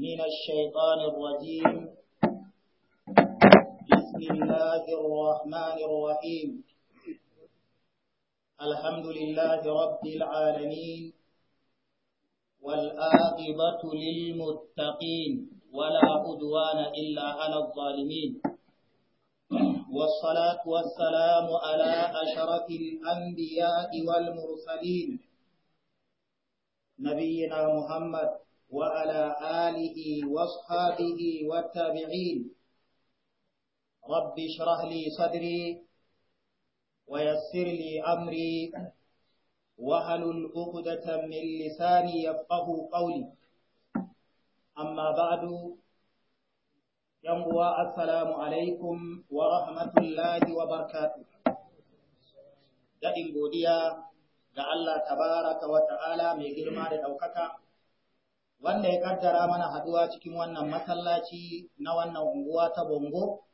من الشيطان الرجيم بسم الله الرحمن الرحيم الحمد لله رب العالمين والآقبة للمتقين ولا عدوان إلا على الظالمين والصلاة والسلام على أشرف الأنبياء والمرسلين نبينا محمد وعلى آله واصحابه والتابعين رب اشرح لي صدري ويسر لي أمري وهلل عقدة من لساني يفقه قولي أما بعد ينبوى السلام عليكم ورحمة الله وبركاته daɗin godiya ga Allah tabaraka wa ta'ala mai girma da ɗaukaka wanda ya kaddara mana haduwa cikin wannan masallaci na wannan unguwa ta bongo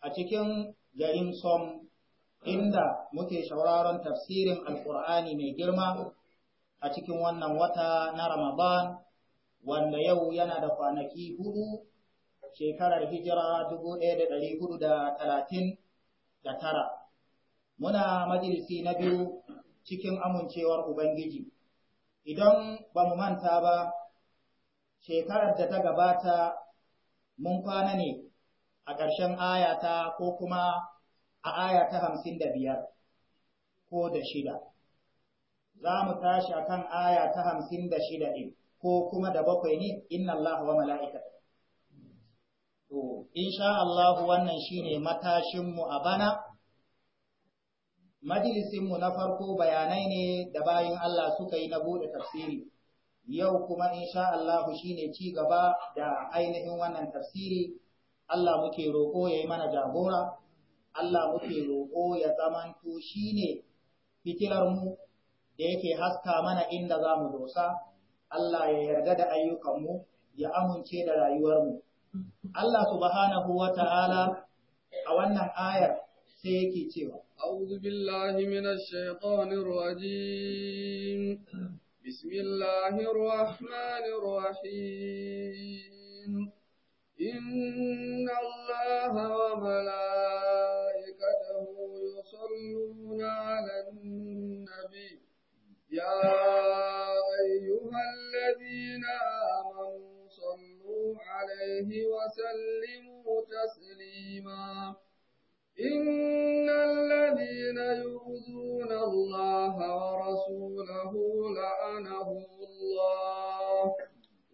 a cikin garin som inda muke shauraron tafsirin alkur'ani mai girma a cikin wannan wata na ramadan wanda yau yana da kwanaki hudu shekarar hijira 1439 muna majalisi na biyu cikin amincewar ubangiji idan ba mu manta ba shekarar da ta gabata mun kwana ne a ƙarshen ayata ko kuma a ayata hamsin da biyar ko da shida. Za mu tashi a kan ayata hamsin da shida ɗin ko kuma da bakwai ne inna Allah wa mala'ikata. To, insha Allah wannan shine matashinmu a bana, majalisinmu na farko bayanai ne da bayan Allah suka yi na buɗe tafsiri. yau kuma insha Allah ne ci gaba da ainihin wannan tafsiri Allah muke roƙo ya yi mana jagora Allah muke roƙo ya zamanto shine fitilar mu da yake haska mana inda za mu dosa Allah ya yarda da ayyukanmu ya amince da rayuwarmu Allah subhanahu wa ta'ala a wannan ayar sai yake cewa أعوذ بالله من الشيطان الرجيم بسم الله الرحمن الرحيم إن الله وملائكته يصلون على النبي يا أيها الذين آمنوا صلوا عليه وسلموا تسليماً إن الذين يؤذون الله ورسوله لعنهم الله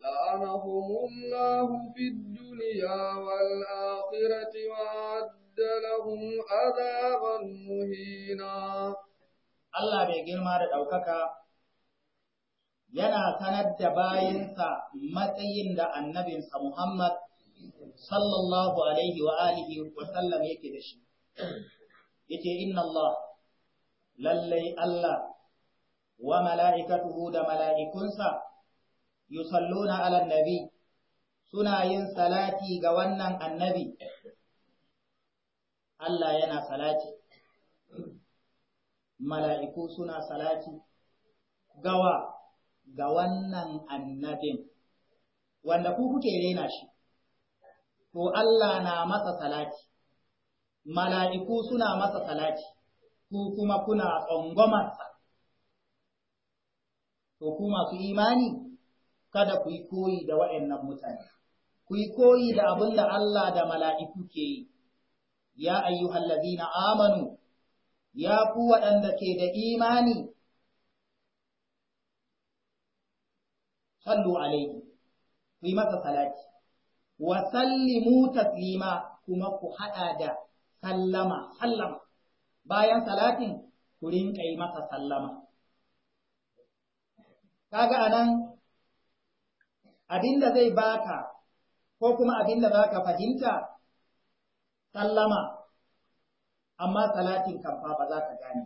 لعنهم الله في الدنيا والآخرة وأعد لهم عذابا مهينا الله بيجرم هذا الأوكاكا yana sanar da bayansa matsayin da annabinsa Muhammad sallallahu alaihi wa alihi wa sallam yake da shi. yace inna Allah lallai Allah wa mala’ikatu da mala'ikunsa yusalluna na nabi suna yin salati ga wannan annabi Allah yana salati mala'iku suna salati gawa ga wannan annabin wanda ku kuke rena shi to Allah na masa salati mala'iku suna masa salati, ku kuma kuna tsangwamarsa. To kuma su imani, kada ku yi koyi da waɗannan mutane, ku yi koyi da abin da Allah da mala'iku ke yi, ya ayyuhallazi na amanu, ya ku waɗanda ke da imani, sallu alaihi, ku yi masa salati, wa sallimu taslima kuma ku haɗa da sallama sallama bayan salatin ku rinka yi masa sallama kaga anan abinda zai baka ko kuma abinda zaka fahimta sallama amma salatin kamfa ba za ka gane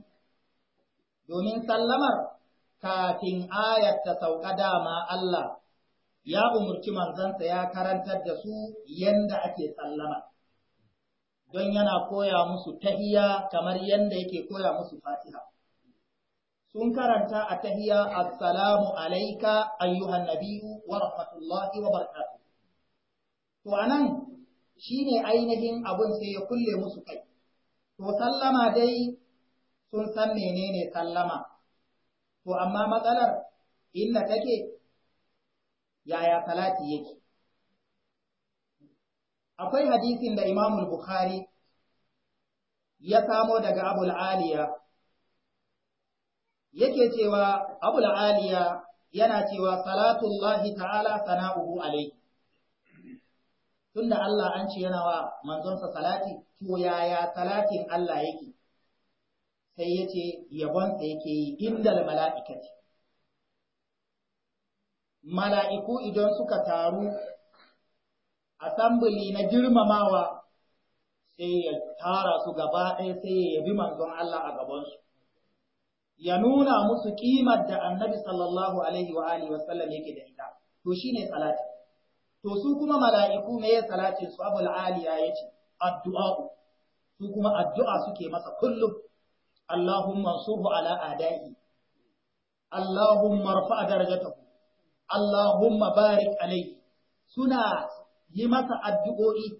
domin sallamar kafin ayat ta sauka dama Allah ya umurci manzansa ya karantar da su yanda ake sallama don yana koya musu tahiya kamar yadda yake koya musu fatiha. Sun karanta a tahiya assalamu alaika ayyuhan nabiyu wa rahmatullahi wa barakatuh. To shi ne ainihin abun sai ya kulle musu kai. To sallama dai sun san menene sallama. To amma matsalar inda take yaya talati yake. akwai hadisin da Imam Bukhari ya samo daga Abu Aliya yake cewa Abu Aliya yana cewa salatullahi ta'ala sana'uhu alai tunda Allah an ce yana wa manzonsa salati to yaya salatin Allah yake sai yace yabonsa yake yi indal mala'ikati mala'iku idan suka taru assembly na girmamawa sai ya tara su gaba ɗaya sai ya yabi manzon Allah a gabansu ya nuna musu kimar da annabi sallallahu alaihi wa alihi wasallam yake da ita to shine salati to su kuma mala'iku me ya salatin su abul ya ce, addu'a su kuma addu'a suke masa kullum Allahumma surhu ala adai Allahumma a darajatahu Allahumma barik alai suna yi masa addu'o'i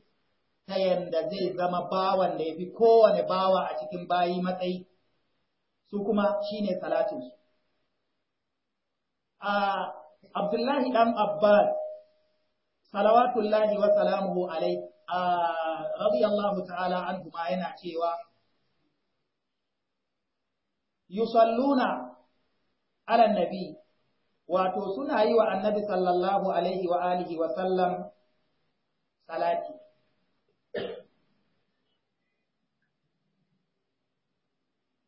ta yanda zai zama bawan da ya fi kowane bawa a cikin bayi matsayi, su kuma shi ne salatinsu. A Abdullahi ɗan Abbas, salawatullahi wa salamuhu alai, a radiyallahu ta'ala an kuma yana cewa, Yusalluna alan nabi, wato suna yi wa annabi sallallahu alaihi wa alihi wa sallam salati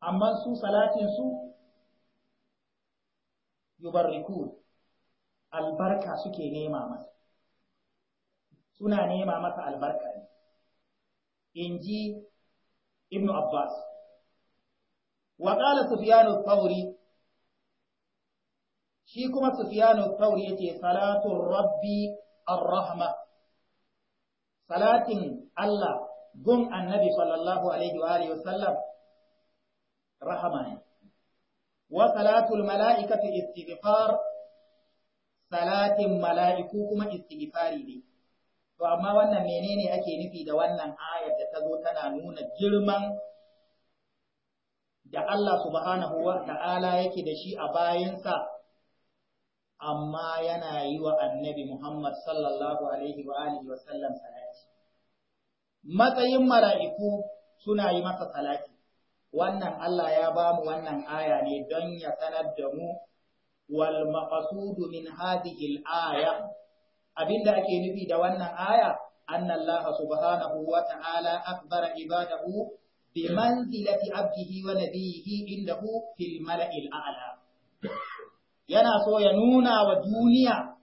amma su salatin su yubarriku albarka suke nema masa suna nema masa albarka ne in ji ibn abbas wa qala sufyanu thawri shi kuma Sufiyanu sufyanu ya ce salatun rabbi ar-rahma salatin Allah gun annabi sallallahu alaihi wa alihi wasallam rahama ne wa salatul mala'ikati istighfar salatin mala'iku kuma istighfari ne to amma wannan menene ake nufi da wannan ayar da ta zo tana nuna girman da Allah subhanahu wa ta'ala yake da shi a bayansa amma yana yi wa annabi Muhammad sallallahu alaihi wa alihi wa sallam salati matsayin mara'iku suna yi masa salati wannan Allah ya ba mu wannan aya ne don ya sanar da mu wal maqsudu min hadhihi al aya abinda ake nufi da wannan aya anna Allah subhanahu wa ta'ala akbara ibadahu bi manzilati abdihi wa nabiyhi indahu fil mala'il a'la yana so ya nuna wa duniya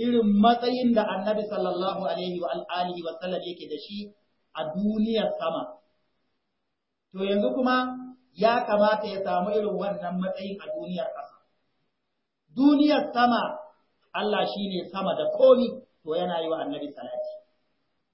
irin matsayin da annabi sallallahu alaihi wa alihi wa sallam yake da shi a duniyar sama. To yanzu kuma ya kamata ya samu irin wannan matsayin a duniyar ƙasa. Duniyar sama Allah shi ne sama da komi to yana yi wa annabi salati.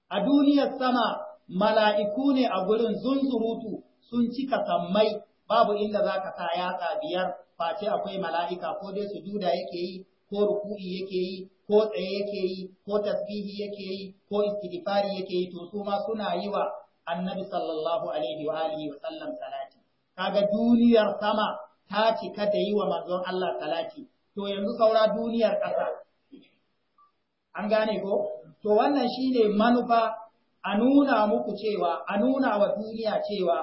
A duniyar sama mala'iku ne a gurin zunzurutu sun cika sammai babu inda za ka sa yatsa biyar face akwai mala'ika ko dai su duda yake yi ko ruku'i yake yi ko tsaye yake yi ko tasbihi yake yi ko istighfari yake yi to su ma suna yi wa annabi sallallahu alaihi wa alihi wa sallam salati kaga duniyar sama ta cika da yi wa manzon Allah salati to yanzu saura duniyar ƙasa an gane ko to wannan shine manufa a nuna muku cewa a nuna wa duniya cewa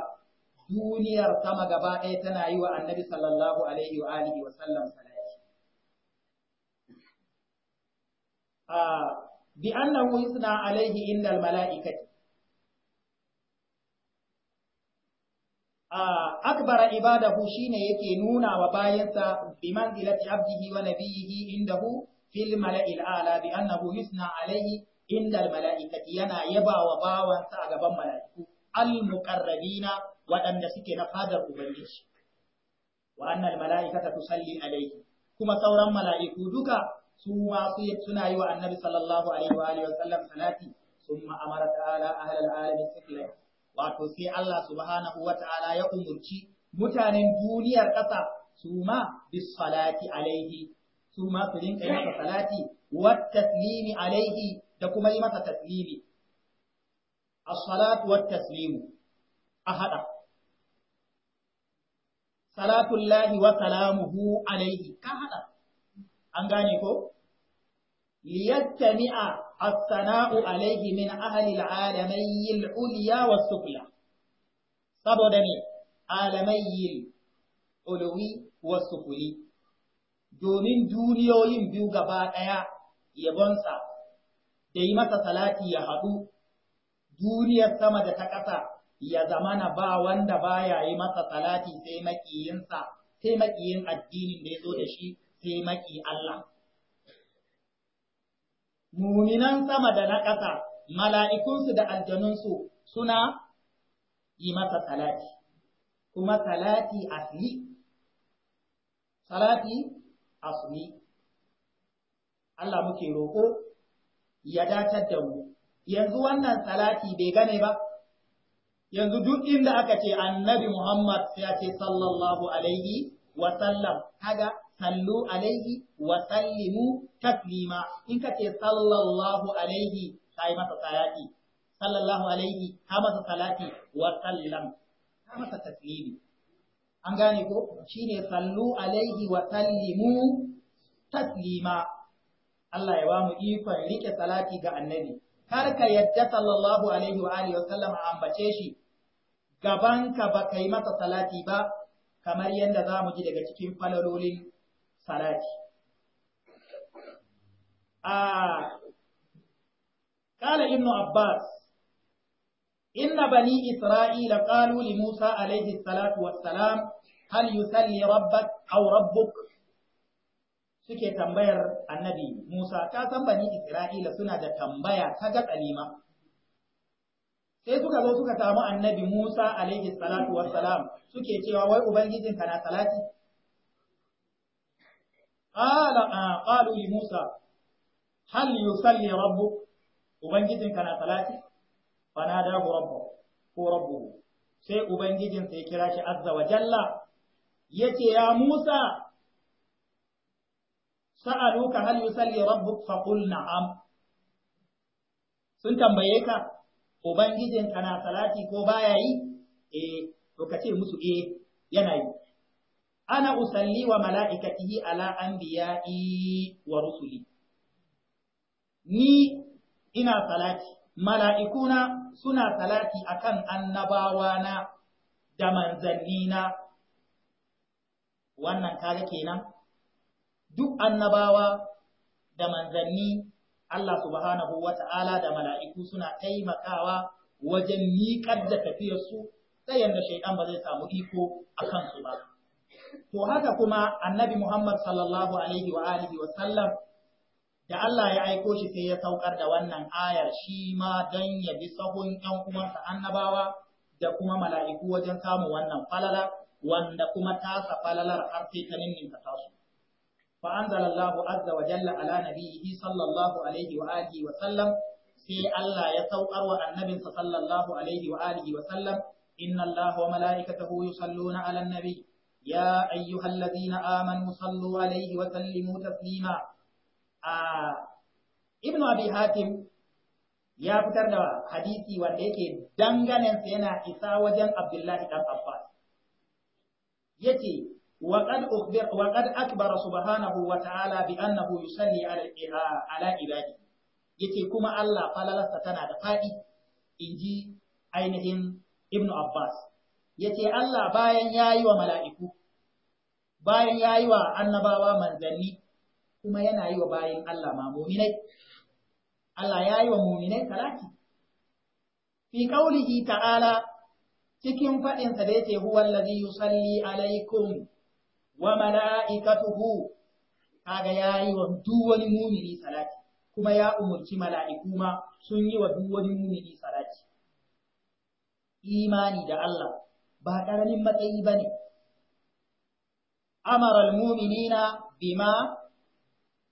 duniyar sama gaba ɗaya tana yi wa annabi sallallahu alaihi wa alihi wa sallam salati bi annahu yusna alaihi innal mala'ikati akbara ibadahu shine yake nuna wa bayansa bi manzilati abdihi wa nabiyhi indahu fil mala'il a'la bi annahu yusna alaihi indal mala'ikati yana yaba wa bawansa a gaban mala'iku al-muqarrabina waɗanda suke na fadar ubangiji wa annal mala'ikata tusalli alaihi kuma sauran mala'iku duka su suna yi wa annabi sallallahu alaihi wa alihi wasallam salati summa amara ta'ala ahlal alamin sikla wato sai Allah subhanahu wa ta'ala ya umurci mutanen duniyar ƙasa su ma bis salati alaihi su su rinka yi masa salati wa taslimi alaihi da kuma yi masa a hada alaihi ka hada an gane ko liyattami'a as-sana'u alayhi min ahli al-alamayil ulya wa sufla saboda ne alamayil ulwi wa sufli domin duniyoyin biyu gaba ɗaya yabonsa da yi masa salati ya haɗu duniyar sama da ta ƙasa ya zamana ba wanda baya yi masa salati sai makiyinsa sai makiyin addinin da ya zo da shi sai Allah. Muminan sama da na ƙasa, mala'ikunsu da aljanunsu suna yi masa salati, kuma salati asli. Salati asli. Allah muke roƙo ya datar da mu, yanzu wannan salati bai gane ba. yanzu duk inda aka ce annabi Muhammad ya ce sallallahu alaihi wa sallam kaga sallu alaihi wa sallimu taslima in ka ce sallallahu alaihi ka yi masa salati sallallahu alaihi ka masa salati wa sallam ka masa taslimi an gane ko shine sallu alaihi wa sallimu taslima Allah ya ba mu ikon rike salati ga annabi kar ka yadda sallallahu alaihi wa alihi wa sallam a ambace shi ka ba kai yi masa salati ba kamar yadda za mu ji daga cikin falalolin salati a ah, kala ibnu abbas inna bani isra'ila qalu li musa alayhi salatu salam, hal yusalli rabbak aw rabbuk suke tambayar annabi Musa, ka san bani Isra'ila suna da tambaya ta ga kalima Sai suka zo suka samu annabi Musa alaihi salatu wassalam suke cewa wai ubangijin na salati? قال قالوا لموسى هل يصلي ربك ubangijinka na salati fanadahu rabbuhu ko rabbu sai ubangijin sai kira shi azza wa jalla yace ya Musa sa'aluka hal yusalli rabbuk fa qul na'am sun tambaye ka ubangijinka na salati ko baya yi eh to ka ce musu eh yana yi ana usalli wa mala'ikatihi ala anbiya'i wa rusuli ni ina salati mala'ikuna suna salati akan na da manzannina wannan kaga kenan duk annabawa da manzanni Allah subhanahu wa ta'ala da mala'iku suna taimakawa wajen miƙar da tafiyarsu, sai yadda shaidan ba zai samu iko a kansu ba. to haka kuma annabi Muhammad sallallahu alaihi wa alihi wa sallam da Allah ya aiko shi sai ya saukar da wannan ayar shi ma don ya bi sahun ‘yan uwansa annabawa da kuma mala'iku wajen samun wannan falala wanda kuma tasa falalar har sai ta ninninka tasu. فأنزل Sallallahu alaihi وجل على نبيه صلى الله عليه وآله وسلم في الله يتوقر النبي wa الله عليه وآله وسلم إن الله وملائكته يصلون على النبي يا أيها الذين آمنوا صلوا عليه وسلموا تسليما آه ابن أبي حاتم ya fitar da hadisi wanda yake danganensa yana isa wajen Abdullahi ɗan Abbas. Yake, waƙad akbara subhanahu wa ta'ala bi annahu yusalli ala ibadi. Yake kuma Allah falalarsa tana da faɗi, in ji ainihin Ibn Abbas. yace Allah bayan yayi wa mala'iku bayan yayi wa annabawa manzanni kuma yana yi wa bayan Allah ma muminai Allah yayi wa muminai salati fi qaulihi ta'ala cikin sa da yace huwa allazi yusalli alaikum wa mala'ikatuhu kaga yayi wa duk wani mumini salati kuma ya umurci mala'iku ma sun yi wa duk wani mumini salati imani da Allah ba ƙaramin matsayi ba ne. Amara muminina bima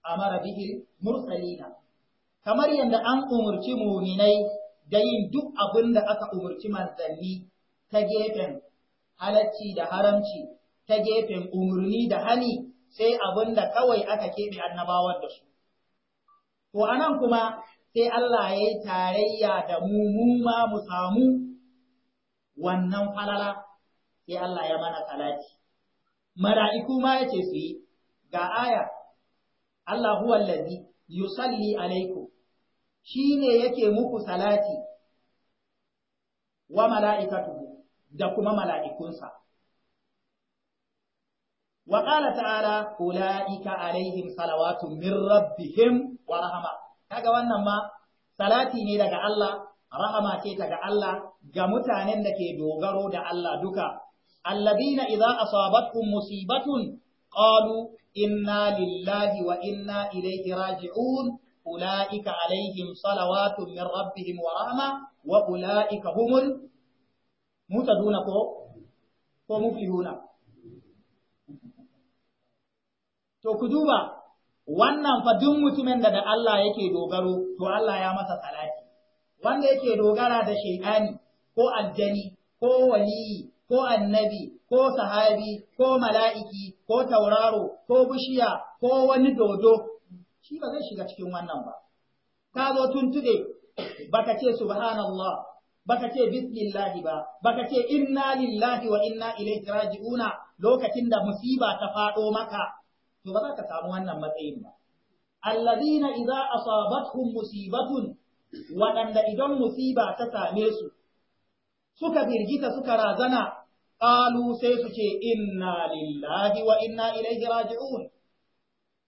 amara bihi mursalina kamar yadda an umurci muminai da yin duk abin da aka umurci manzanni ta gefen halacci da haramci ta gefen umurni da hani sai abin da kawai aka keɓe annabawar da su to anan kuma sai Allah ya yi tarayya da mu mu ma mu samu wannan falala sai Allah ya mana salati mala'iku ma yace su yi ga aya Allah huwa allazi yusalli shi ne yake muku salati wa mala’ikatu da kuma mala'ikunsa wa qala ta'ala ulaika alaihim salawatu min rabbihim wa rahma kaga wannan ma salati ne daga Allah rahama ce ta ga Allah ga mutanen da ke dogaro da Allah duka alladina idza asabatkum musibatun qalu inna lillahi wa inna ilayhi raji'un ulaika alaihim salawatun min rabbihim wa rahma wa ulaika humul mutaduna ko ko muflihuna to ku duba wannan fa duk mutumin da da Allah yake dogaro to Allah ya masa salati wanda yake dogara da shai'ani ko aljani ko waliyi ko annabi ko sahabi ko mala'iki ko tauraro ko bishiya ko wani dodo shi ba zai shiga cikin wannan ba ka zo tuntube ka ce subhanallah ka ce bismillahi ba ka ce inna lillahi wa inna ilaihi raji'una lokacin da musiba ta faɗo maka to ba za ka samu wannan matsayin ba allazina idza asabatuhum musibatun waɗanda idan musiba ta same su suka firgita suka razana ƙalu sai su ce inna lillahi wa inna ilaihi raji'un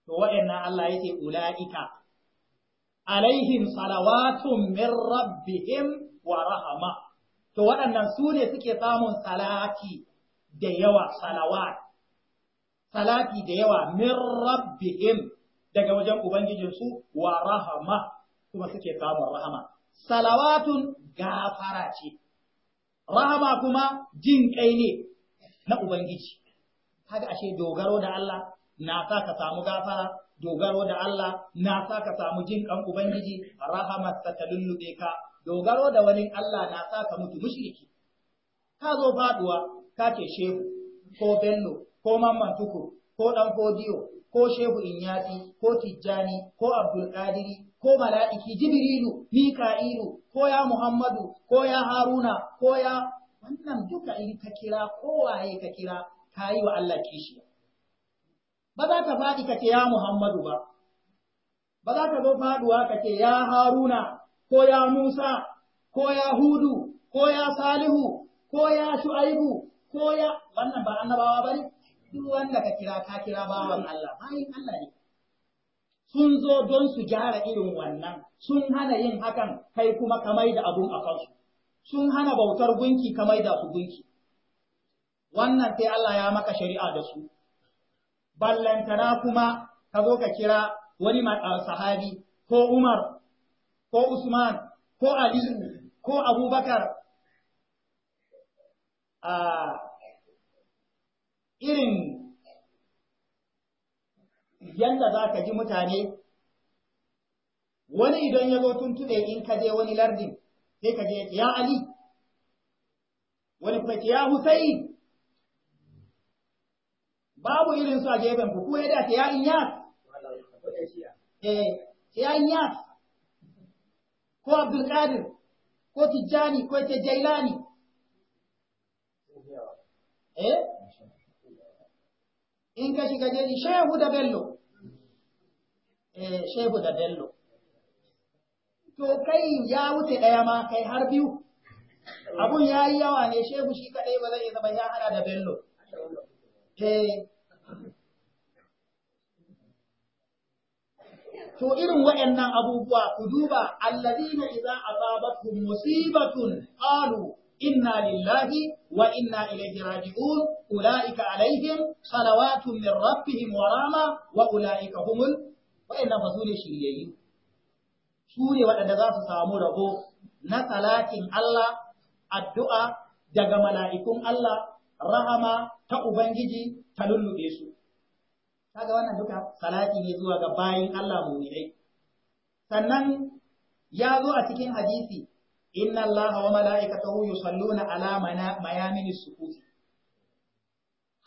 to waɗannan Allah yake ula'ika alaihim salawatun min rabbihim wa rahama to waɗannan su ne suke samun salati da yawa salawat salati da yawa min rabbihim daga wajen ubangijinsu wa rahama kuma suke samun rahama salawatun gafara ce rahama kuma jin kai ne na ubangiji haka ashe dogaro da Allah na sa ka samu gafara dogaro da Allah na sa ka samu jin kan ubangiji rahamar ta lullube ka dogaro da wani Allah na sa ka mutu mushriki ka zo faɗuwa ka ce shehu ko bello ko mamman tukur ko ɗan fodiyo ko shehu inyati ko tijjani ko abdul qadiri ko mala'iki jibrilu mika'ilu ko ya muhammadu ko ya haruna ko ya wannan duka in ka kira kowaye ka kira ka yi wa Allah kishiya ba za ka faɗi ka ce ya muhammadu ba ba za ka zo faɗuwa ka ce ya haruna ko ya musa ko ya hudu ko ya salihu ko ya shu'aibu ko ya wannan ba annabawa ba ne duk wanda ka kira ka kira bawan Allah bayin Allah ne sun zo don su gyara irin wannan sun hana yin hakan kai kuma ka maida abun a kansu sun hana bautar gunki ka maida su gunki wannan sai Allah ya maka shari'a da su ballantana kuma ka zo ka kira wani sahabi ko Umar ko Usman ko Aliyu ko Abubakar ah, irin yadda za ka ji mutane wani idan ya zo tuntuɓe in ka je wani lardin sai ka je ya Ali wani kwaki ya Husayn babu irin su a gefen ku kuwa da ya eh, ya eh ya ya? ko abdulkadir ko Tijjani ko tijjailani eh in ka shiga jeji shehu da bello eh shehu da bello to kai ya wuce ɗaya ma kai har biyu abun yayi yawa ne shehu shi kaɗai ba zai zama ya hada da bello eh to irin waɗannan abubuwa ku duba allazina idza asabatuhum musibatun qalu inna lillahi wa inna ilaihi raji'un ulaika alaihim salawatu min rabbihim wa rama wa ulaika humul wa inna fasul shiriyyi sune wadanda zasu samu rabo na salatin allah addu'a daga malaikun allah rahama ta ubangiji ta lullube su kaga wannan duka salati ne zuwa ga bayan allah mu'minai sannan ya zo a cikin hadisi inna allaha wa mala'ikatahu yusalluna ala mayamin sufufi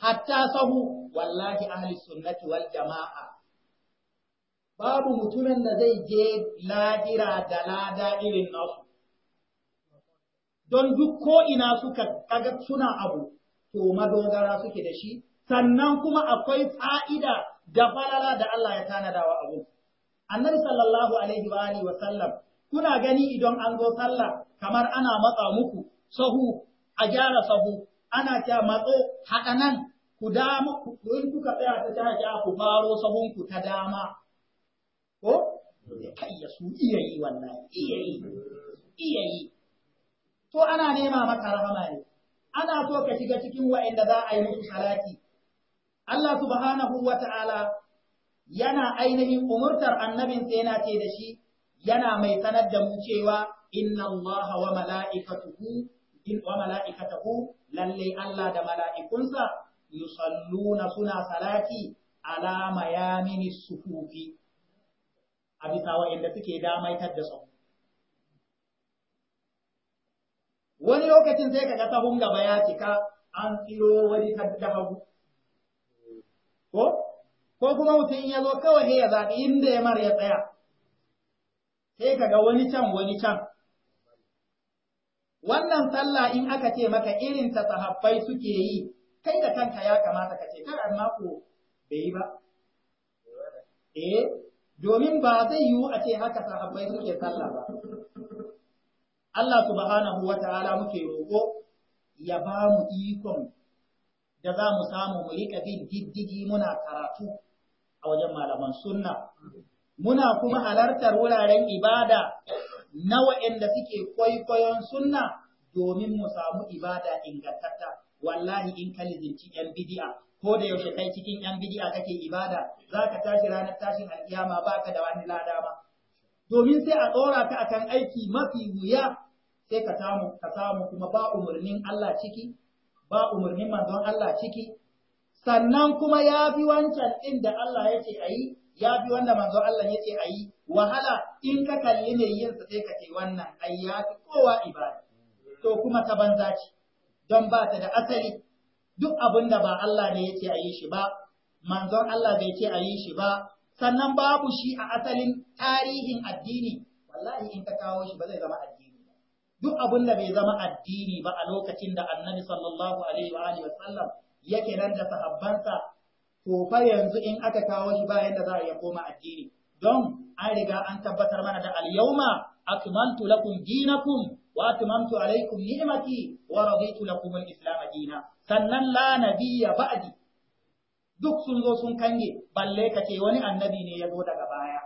hatta sahu wallahi ahli sunnati wal jama'a babu mutumin da zai je Ladira da lada irin nasu don duk ko ina suka kaga suna abu to madogara suke da shi sannan kuma akwai fa'ida da falala da Allah ya tanadawa abu annabi sallallahu alaihi wa sallam kuna gani idan an zo sallah kamar ana matsa muku sahu a gyara sahu ana ta matso haɗa nan ku dama in kuka tsaya ta ta ku faro sahunku ta dama ko kai ya su iya yi wannan iya yi iya yi to ana nema maka rahama ne ana so ka shiga cikin waɗanda za a yi musu salati Allah subhanahu wa ta'ala yana ainihin umurtar annabin sai yana ce da shi yana mai sanar da mu cewa inna Allah wa mala'ikatuhu wa mala’ikatuhu lalle Allah da mala'ikunsa yusalluna suna salati ala mayamini sufufi a bisa wa'inda suke damaitar da su wani lokacin sai kaga sahun gaba ya cika an tsiro wani da hagu ko ko kuma mutum ya zo kawai ya zaɓi inda ya mara ya tsaya sai ka ga wani can wani can. Wannan sallah in aka ce maka irin ta sahabbai suke yi, kai da kanka ya kamata ka ce, kar mako bai yi ba. Eh, domin ba zai yiwu a ce haka sahabbai suke sallah ba. Allah subhanahu wa ta'ala muke roƙo ya ba mu ikon da za mu samu mu riƙa bin diddigi muna karatu a wajen malaman sunna. muna kuma halartar wuraren ibada na waɗanda suke kwaikwayon sunna domin mu samu ibada ingantatta wallahi in ka lizinci yan bidi'a ko da yaushe kai cikin yan bidi'a kake ibada za ka tashi ranar tashin alkiyama ba ka da wani lada ba domin sai a ɗora ka akan aiki mafi wuya sai ka samu ka samu kuma ba umarnin Allah ciki ba umarnin manzon Allah ciki sannan kuma ya fi wancan ɗin da Allah ya ce a yi ya fi wanda manzon Allah ya ce a yi wahala in ka kalli mai yin sa sai ka ce wannan ai ya fi kowa ibada to kuma ta banza ce don ba ta da asali duk abin da ba Allah ne ya ce a yi shi ba manzon Allah bai ce a yi shi ba sannan babu shi a asalin tarihin addini wallahi in ka kawo shi ba zai zama addini ba duk abin da bai zama addini ba a lokacin da annabi sallallahu alaihi wa alihi wa sallam yake nan da sahabbansa to fa yanzu in aka kawo shi ba yanda za a iya koma addini don an riga an tabbatar mana da al-yawma atmamtu lakum dinakum wa atmamtu alaykum ni'mati wa raditu lakum al-islam dina sannan la nabiyya ba'di duk sun zo sun kange balle kace wani annabi ne ya zo daga baya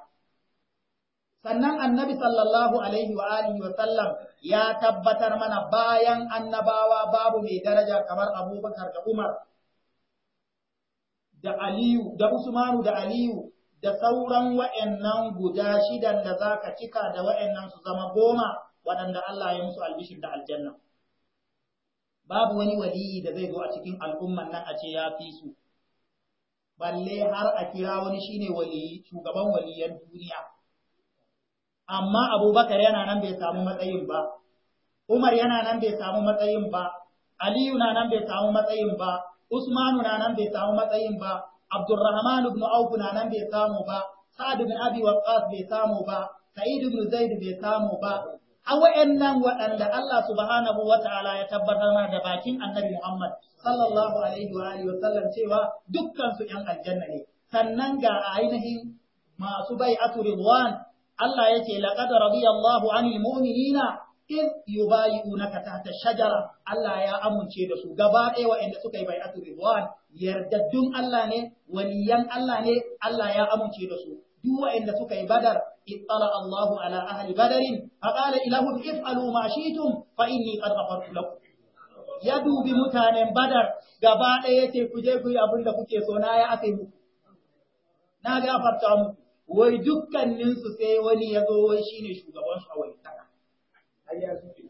sannan annabi sallallahu alaihi wa alihi wa sallam ya tabbatar mana bayan annabawa babu mai daraja kamar Abubakar da Umar da Aliyu da Usmanu da Aliyu da sauran wa'annan guda shidan da za ka cika da wa'annan su zama goma waɗanda Allah ya musu albishir da aljanna. Babu wani waliyi da zai zo a cikin al'umman nan a ce ya fi su, balle har a kira wani shine waliyi shugaban waliyan duniya. Amma Abubakar yana nan bai samu matsayin ba, Umar yana nan bai samu matsayin ba, Aliyu na nan bai samu matsayin ba, Usmanu na nan bai samu matsayin ba, Abdurrahman ibn Auf na nan bai samu ba, Sa'ad ibn Abi Waqqas bai samu ba, Sa'id ibn Zaid bai samu ba. A wayannan waɗanda Allah subhanahu wa ta'ala ya tabbatar mana da bakin Annabi Muhammad sallallahu alaihi wa alihi wa sallam cewa dukkansu ƴan aljanna ne. Sannan ga ainihin masu bai'atu ridwan Allah yake laqad radiyallahu anil mu'minina in yubayi'unaka tahta shajara Allah ya amince da su gaba ɗaya waɗanda suka yi bai'atu ridwan yardaddun Allah ne waliyan Allah ne Allah ya amince da su duk waɗanda suka yi badar ittala Allahu ala ahli badarin fa qala ilahum if'alu ma shi'tum fa inni qad ghafartu lakum ya dubi mutanen badar gaba ɗaya yace ku je ku yi abin da kuke so na ya afe muku na gafarta muku wai dukkaninsu sai wani ya zo wai shine shugaban su a wani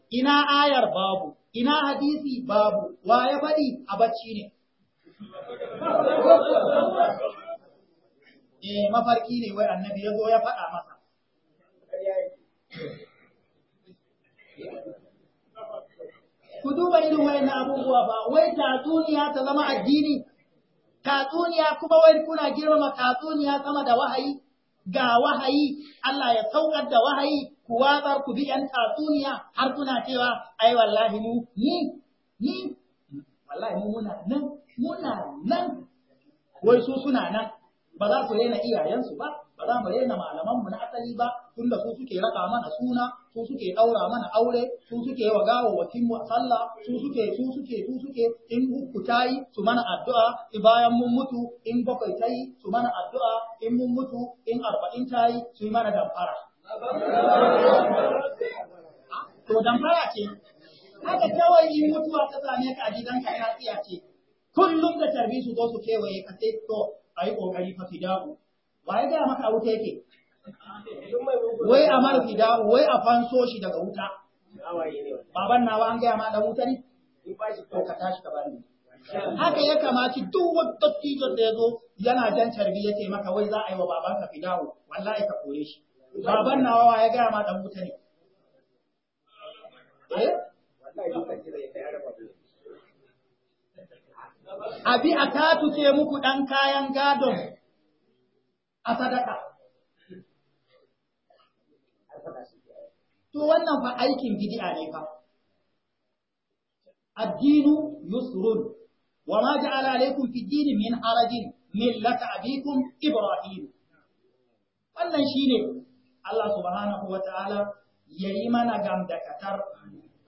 ina ayar babu ina hadisi babu wa ya faɗi a bacci ne eh mafarki ne wai annabi ya zo ya faɗa masa ku duba irin na abubuwa ba wai tatsuniya ta zama addini tatsuniya kuma wai kuna girmama tatsuniya sama da wahayi ga wahayi Allah ya saukar da wahayi Kuwa watsar ku bi ‘yan tatsuniya har kuna cewa ai wallahi mu ni ni wallahi mu muna nan muna nan wai su suna nan ba za su rena iyayensu ba ba za mu rena malamanmu na asali ba tunda su suke raka mana suna su suke daura mana aure su suke wa gawawakin mu sallah su suke su suke su suke in uku yi su mana addu'a in bayan mun mutu in bakwai tayi su mana addu'a in mun mutu in arba'in tayi su mana damfara To don damfara ce, haka kawai in mutuwa ta same ka a gidanka ya tsiya ce, kullum da tarbi su zo su kewaye ka sai to a yi ƙoƙari fa dawo? Wa ya gaya maka a wuta yake? Wai a mara fidahu, wai a fanso shi daga wuta. Baban na nawa an gaya ma da wuta ne? To ka tashi ka bani. Haka ya kamata duk wani dattijon da ya zo yana jan tarbi ya ce maka wai za a yi wa babanka fidahu, wallahi ka kore shi. baban wawa ya gaya ma dan wuta ne eh? abi a tuke muku dan kayan gadon a sadaka to wannan fa aikin bid'a ne fa addinu yusrun wa ma ja'ala alaykum fi dini min harajin millata abikum ibrahim wannan shine Allah subhanahu wa ta'ala ya yi mana gamdakatar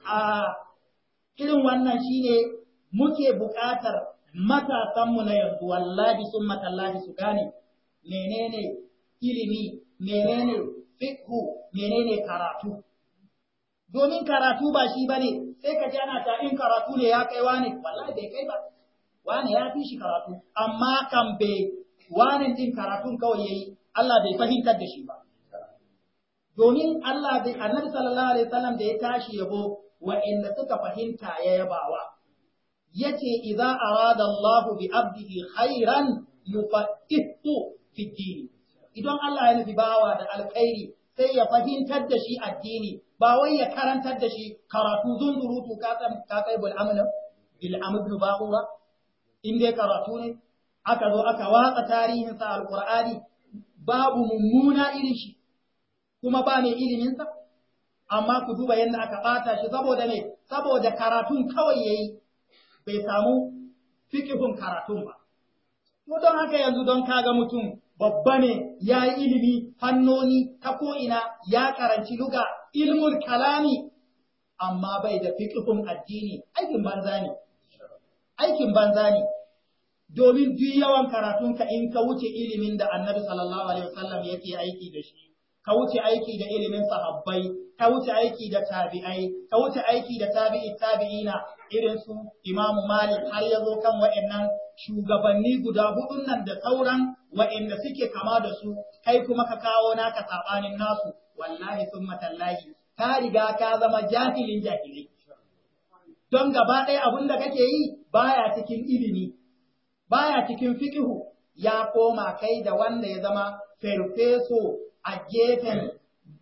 a irin wannan shi ne muke buƙatar matasanmu na yanzu wallahi sun matallahi su gane menene ilimi menene fiqhu menene karatu domin karatu ba shi bane sai ka ji ana in karatu ne ya kai wani wallahi bai kai ba wani ya fi shi karatu amma kan bai wani din karatun kawai yayi Allah bai fahimtar da shi ba domin Allah da annabi sallallahu alaihi wasallam da ya tashi yabo wa'anda suka fahimta ya yabawa yace idza arada Allahu bi abdihi khairan yufaqihu fi dini idan Allah ya nufi bawa da alkhairi sai ya fahimtar da shi addini ba wai ya karantar da shi karatu zunzurutu ka ka kai bul amana bil amdu ba'ura in dai karatu ne aka zo aka watsa tarihin sa alqur'ani babu mummuna irin shi kuma ba mai iliminsa amma ku duba yadda aka ɓata shi saboda ne saboda karatun kawai yayi bai samu fikihun karatun ba Ko don haka yanzu don kaga mutum babba ne ya yi ilimi hannoni ta ko'ina ya karanci luga ilmul kalami amma bai da fikihun addini aikin banza ne aikin banza ne domin duk yawan karatunka in ka wuce ilimin da annabi sallallahu alaihi wasallam yake aiki da shi ka wuce aiki da ilimin sahabbai ka wuce aiki da tabi'ai ka wuce aiki da tabi'i tabi'ina irin su imamu malik har ya zo kan wa'annan shugabanni guda hudun nan da sauran wa'anda suke kama da su kai kuma ka kawo naka sabanin nasu wallahi sun tallahi ka riga ka zama jahilin jahilai don gaba ɗaya abin da kake yi baya cikin ilimi baya cikin fikihu ya koma kai da wanda ya zama farfeso a gefen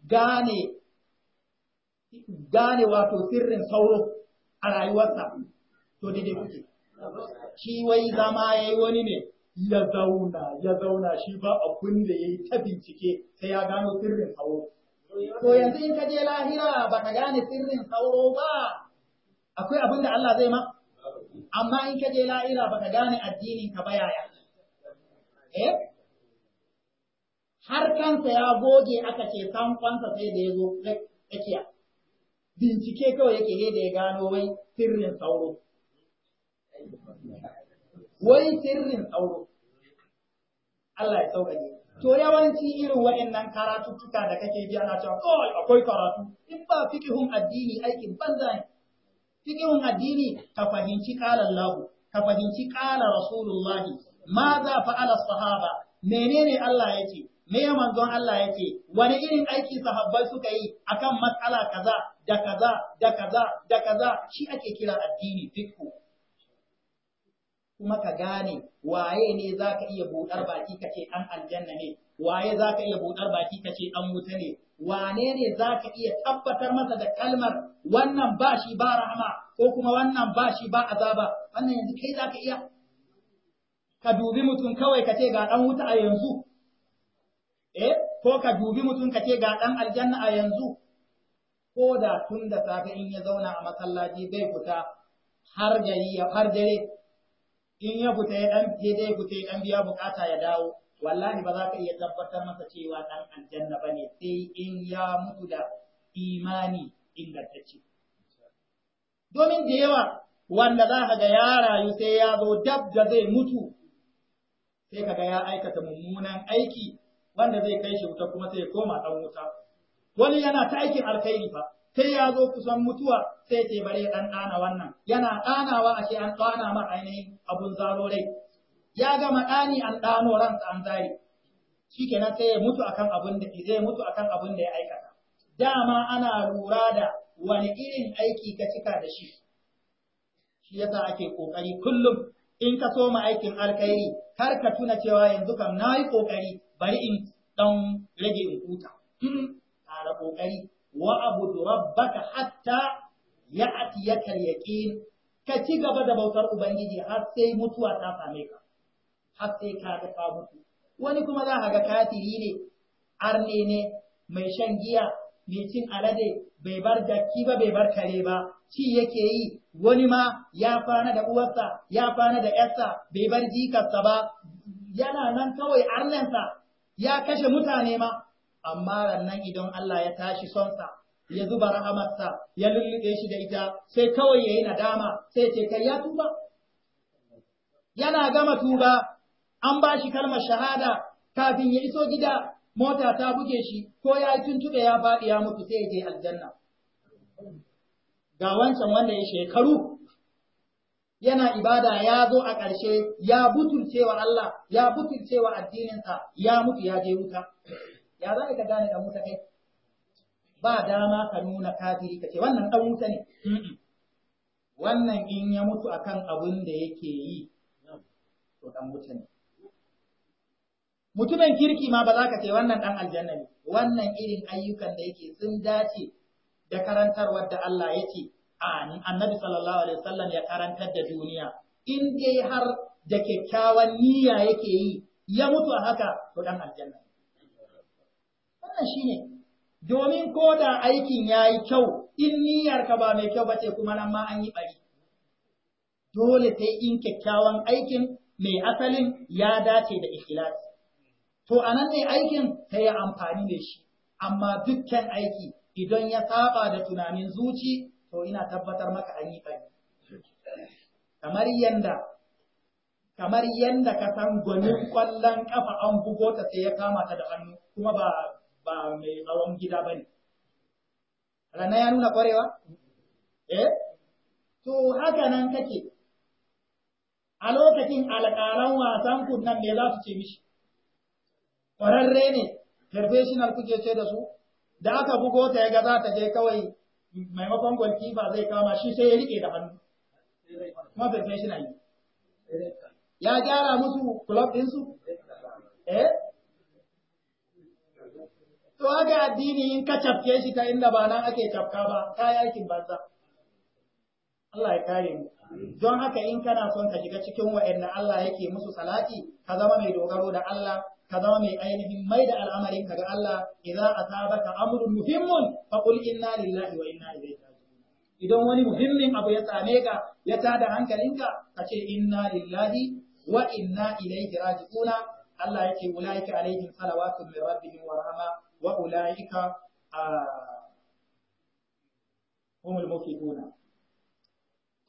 gane gane wato sirrin sauro a rayuwarsa to daidai kuke shi wai zama ya yi wani ne ya zauna ya zauna shi ba abin da ya yi ta bincike sai ya gano sirrin sauro to yanzu in ka je lahira ba ka gane sirrin sauro ba akwai abin da Allah zai ma amma in ka je lahira ba ka gane addinin ka ba yaya eh har kansa ya goge aka ce samfansa sai da ya zo tsakiya bincike kawai yake ne da ya gano wai sirrin sauro wai sirrin sauro Allah ya sauƙaƙe to yawanci irin waɗannan karatuttuka da kake ji ana cewa kawai akwai karatu in ba fikihun addini aikin banza ne fikihun addini ka fahimci ƙalar lahu ka fahimci ƙalar rasulullahi ma za fa'ala sahaba menene Allah ya ce me manzon Allah yake wani irin aiki sahabbai suka yi akan matsala kaza da kaza da kaza da kaza shi ake kira addini fiqh kuma ka gane waye ne zaka iya budar baki kace an aljanna ne waye zaka iya budar baki kace an wuta ne wane ne zaka iya tabbatar masa da kalmar wannan ba shi ba rahama ko kuma wannan ba shi ba azaba wannan yanzu kai zaka iya ka dubi mutum kawai kace ga dan wuta a yanzu eh ko ka dubi mutum ka ce ga ɗan aljanna a yanzu ko da tun da safe in ya zauna a masallaci zai fita har gari ya har dare in ya fita ya dan je dai fita ya dan biya bukata ya dawo wallahi ba za ka iya tabbatar masa cewa ɗan aljanna bane sai in ya mutu da imani ingantacce domin da yawa wanda za ka ga ya rayu sai ya zo dab da zai mutu sai ka ga ya aikata mummunan aiki wanda zai kai shi wuta kuma sai koma ɗan wuta wani yana ta aikin alkhairi fa sai ya zo kusan mutuwa sai ce bare dan dana wannan yana ɗanawa a ce an ɗana ma ainihin abun zaro rai ya gama ɗani an ran ransa an zare shikenan sai ya mutu akan abun da zai mutu akan abun da ya aikata dama ana lura da wani irin aiki ka cika da shi shi yasa ake kokari kullum in ka so ma aikin alkhairi kar ka tuna cewa yanzu kam nayi kokari bari in dan rage in huta ƙara ƙoƙari wa abudu rabbaka hatta ya al-yaqin ka ci gaba da bautar ubangiji har sai mutuwa ta same ka har sai ka ga ka mutu wani kuma za ka ga kafiri ne arne ne mai shan giya mai cin alade bai bar jaki ba bai bar kare ba ci yake yi wani ma ya fana da uwarsa ya fana da yarsa bai bar jikarsa ba yana nan kawai arnensa ya kashe mutane ma amma rannan idan Allah ya tashi sonsa ya zuba rahamarsa ya lullube shi da ita sai kawai ya yi nadama sai ce kai ya tuba yana gama tuba an ba shi kalmar shahada kafin ya iso gida mota ta buge shi ko ya yi tuntuɓe ya faɗi ya mutu sai ya je aljanna ga wancan wanda ya shekaru yana ibada ya zo a ƙarshe ya butulcewa Allah ya butulcewa addininsa ya mutu ya je wuta ya za ka gane da wuta kai ba dama ka nuna kafiri ka ce wannan ɗan wuta ne wannan in ya mutu akan abin da yake yi to ɗan wuta ne mutumin kirki ma ba za ka ce wannan ɗan aljanna ne wannan irin ayyukan da yake sun dace da karantarwar da Allah yake ce annabi sallallahu alaihi wasallam ya karantar da duniya in dai har da kyakkyawan niyya yake yi ya mutu a haka to dan aljanna wannan shine domin ko da aikin yayi kyau in niyyarka ba mai kyau bace kuma nan ma an yi bari dole sai in kyakkyawan aikin mai asalin ya dace da ikhlas to anan ne aikin sai ya amfani da shi amma dukkan aiki idan ya saba da tunanin zuci to ina tabbatar maka an yi kamar yanda kamar yanda ka san gwanin kwallon kafa an bugo ta sai ya kama ta da hannu kuma ba ba mai tsawon gida ba ne. rana ya nuna kwarewa eh to haka nan kake a lokacin alƙalan wasan kunnan me za su ce mishi ƙwararre ne professional kuke ce da su da aka bugo ta ya ga za ta je kawai maimakon gwalki ba zai kama shi sai ya rike da hannu kuma bai shi na yi ya gyara musu kulob ɗinsu eh to haka addini in ka cafke shi ta inda ba nan ake cafka ba ka yakin banza Allah ya kare mu don haka in kana son ka shiga cikin wa'annan Allah yake musu salati ka zama mai dogaro da Allah ka zama mai ainihin mai da al'amarin ka ga Allah idza asabaka amrun muhimmun fa qul inna lillahi wa inna ilaihi raji'un idan wani muhimmin abu ya same ka ya tada hankalinka ka ce inna lillahi wa inna ilaihi raji'un Allah yake ulaika alaihim salawatu min rabbihim wa rahma wa ulaika humul muflihuna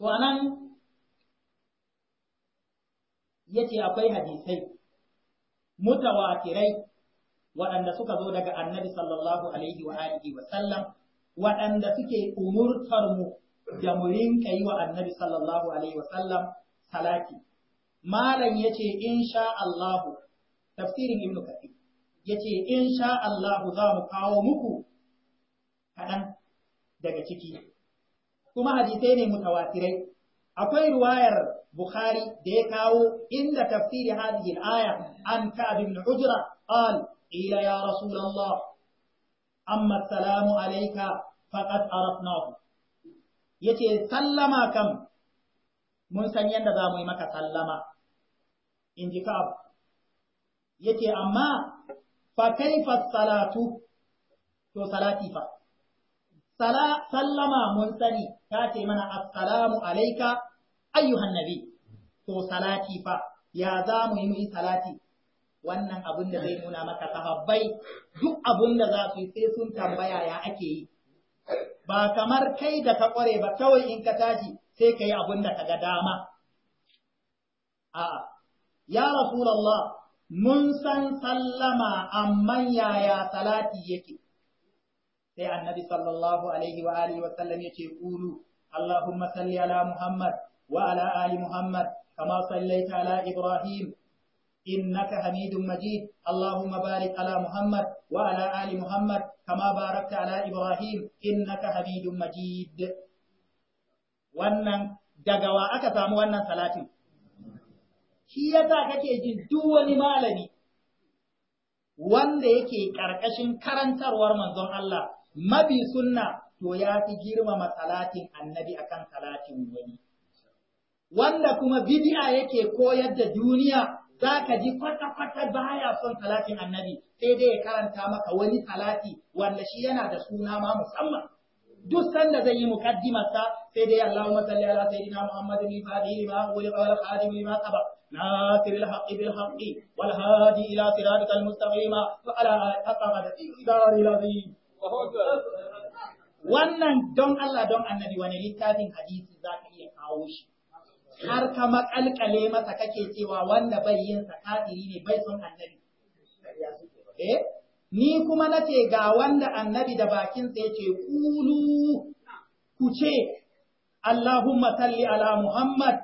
to anan yace akwai hadisai mutawatirai waɗanda suka zo daga annabi sallallahu alaihi wa alihi wa sallam waɗanda suke umurtar mu da mu rinka yi wa annabi sallallahu alaihi wa sallam salati malam yace insha Allah tafsirin ibnu kathir yace insha Allah za mu kawo muku kaɗan daga ciki kuma hadisai ne mutawatirai akwai ruwayar Bukhari da ya kawo inda tafsiri hadhihi al-aya an Ka'b ibn hujra. qal ila ya rasul amma salamu alayka faqad arafnahu yace sallama kam mun san yadda za mu yi maka sallama in ji Ka'b yace amma fa kaifa salatu to salati fa sallama mun sani ta ce mana assalamu alayka ayyuhan nabi to salati fa ya za mu yi salati wannan abin da zai nuna maka sahabbai duk abin da za su yi sai sun tambaya ya ake yi ba kamar kai da ka kware ba kawai in ka tashi sai ka yi abin da ka ga dama a ya rasulullah mun san sallama amma yaya salati yake sai annabi sallallahu alaihi wa alihi wa sallam yake kulu allahumma salli ala muhammad وعلى آل محمد كما صليت على إبراهيم إنك حميد مجيد اللهم بارك على محمد وعلى آل محمد كما باركت على إبراهيم إنك حميد مجيد wannan dagawa aka samu wannan salatin shi yasa kake jin duk wani malami wanda yake ƙarƙashin karantarwar manzon Allah mabi sunna to ya fi girmama salatin annabi akan salatin wani wanda kuma bid'a yake koyar da duniya za ka ji kwata-kwata baya son talatin annabi sai dai ya karanta maka wani talati, wanda shi yana da suna ma musamman duk sanda zai yi mukaddimarsa sai dai Allahumma salli ala sayyidina Muhammadin al-Fatihi lima huwa wal khadim lima sabaq ناصر الحق بالحق والهادي إلى صراطك المستقيم وعلى أقامة إدار العظيم wannan don Allah don annabi wani littafin hadisi za ka iya kawo shi har ka makalkale masa kake cewa wanda bai yin sakatiri ne bai son annabi eh ni kuma nace ga wanda annabi da bakinsa sa yake kulu ku ce Allahumma salli ala Muhammad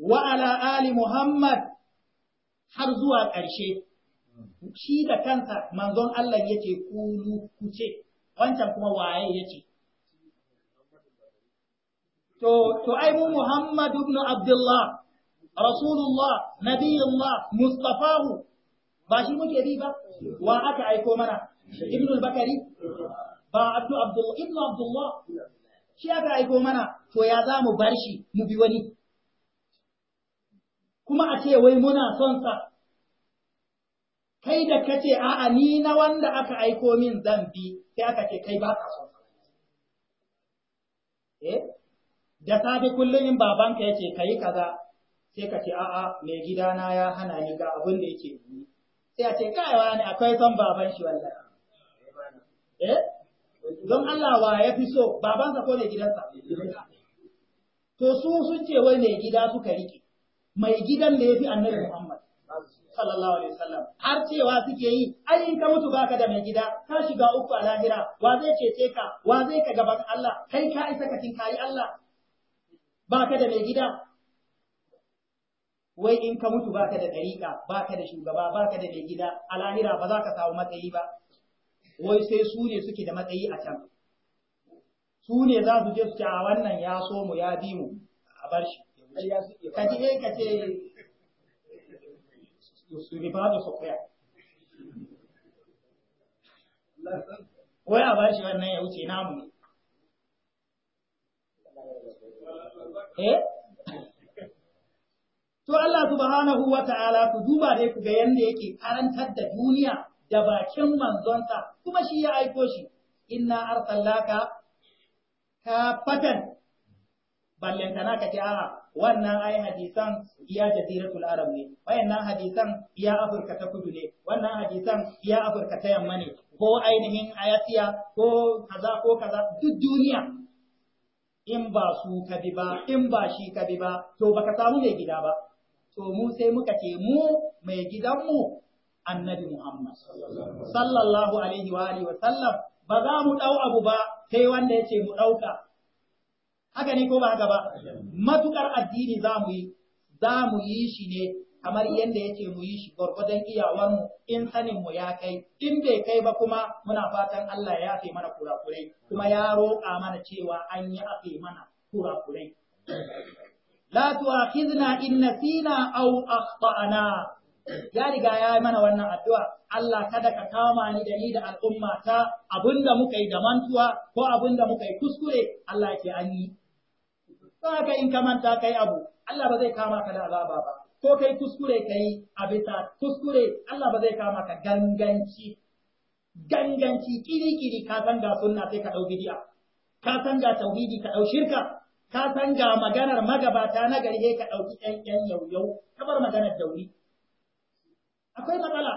wa ala ali Muhammad har zuwa ƙarshe shi da kansa manzon Allah yace kulu ku ce wancan kuma waye yace to to ai mu Muhammad ibn Abdullah Rasulullah Nabiyullah Mustafahu ba shi muke bi ba wa aka aiko mana Ibn al-Bakari ba Abdu Abdullah Ibn Abdullah shi aka aiko mana to ya za mu bar shi mu bi wani kuma a ce wai muna son sa kai da kace a'a ni na wanda aka aiko min zan bi sai aka ce kai ba ka son sa eh da safe kullum in babanka ya ce ka yi kaza sai ka ce a'a mai gidana ya hana ni ga abin da yake yi sai a ce wa ne akwai son baban shi wallahi eh don Allah wa ya fi so babansa ko mai gidansa to su sun ce wai mai gida suka rike mai gidan da ya fi annabi Muhammad sallallahu alaihi wasallam har cewa suke yi ai in ka mutu baka da mai gida ka shiga uku a lahira wa zai cece ka wa zai ka gaban Allah kai ka isa ka tin kai Allah ba ka da mai gida wai in ka mutu ba ka da ɗariƙa ba ka da shugaba ba ka da mai gida a lahira ba za ka samu matsayi ba wai sai su ne suke da matsayi a can su ne za su je su ce a wannan ya so mu ya bi mu a bar shi ka ji ka ce su ne ba su koya wai a bar shi wannan ya wuce namu ne Eh? To Allah subhanahu wa ta'ala ku duba dai ku ga yadda yake karantar da duniya da bakin manzonta kuma shi ya aiko shi, inna arsallaka ka fatan ballantana ka ce a wannan ai hadisan iya jaziratul arab ne Wannan hadisan iya afirka ta kudu ne wannan hadisan iya afirka ta yamma ne ko ainihin ayatiya ko kaza ko kaza duk duniya in ba su ka bi ba in ba shi ka bi ba to baka samu mai gida ba to mu sai muka ce mu mai gidanmu annabi Muhammad sallallahu alaihi wa alihi wa sallam ba za mu dau abu ba sai wanda ya ce mu dauka haka ne ko ba haka ba matukar addini za mu yi za mu yi shi ne kamar yadda yake mu yi shi gwargwadon iyawarmu in sanin mu ya kai in bai kai ba kuma muna fatan Allah ya yafe mana kurakurai kuma ya roƙa mana cewa an yi afe mana kurakurai la tu'akhidna in nasina aw akhtana ya riga ya mana wannan addu'a Allah kada ka kama ni da ni da al'umma ta abinda muka yi da mantuwa ko abinda muka yi kuskure Allah ce an yi. Ba ka in ka manta kai abu, Allah ba zai kama ka da azaba ba. ko kai kuskure kai a bisa kuskure Allah ba zai kama ka ganganci ganganci kiri-kiri ka san ga sunna sai ka ɗau bidiya ka san ga tauhidi ka ɗau shirka ka san ga maganar magabata na gari sai ka ɗauki ɗan ƴan yau-yau ka bar maganar dauri akwai matsala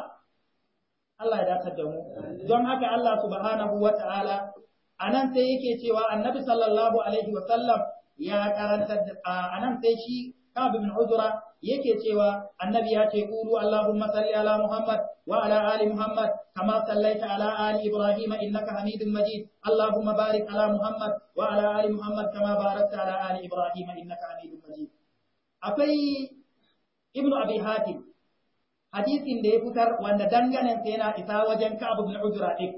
Allah ya dace da mu don haka Allah subhanahu wa ta'ala anan sai yake cewa annabi sallallahu alaihi wa sallam ya karantar da anan sai shi Ka'ab bin Uzra yake cewa annabi ya ce qulu allahumma salli ala muhammad wa ala ali muhammad kama sallaita ala ali ibrahim innaka hamidun majid allahumma barik ala muhammad wa ala ali muhammad kama barakta ala ali ibrahim innaka hamidun majid akwai ibnu abi hatim hadisin da ya fitar wanda danganan sai yana isa wajen ka'ab ibn ujra din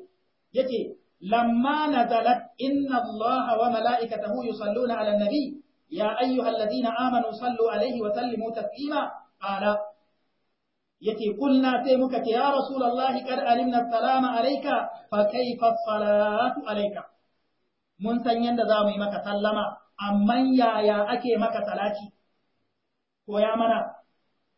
yace lamma nazalat inna allaha wa mala'ikatahu yusalluna ala nabi ya ayyuhal ladina amanu sallu alaihi wa sallimu taslima qala yace kulna sai muka ce ya rasulullahi kad alimna salama alayka fa kayfa salatu alayka mun san yanda za mu yi maka sallama amma yaya ake maka salati koya mana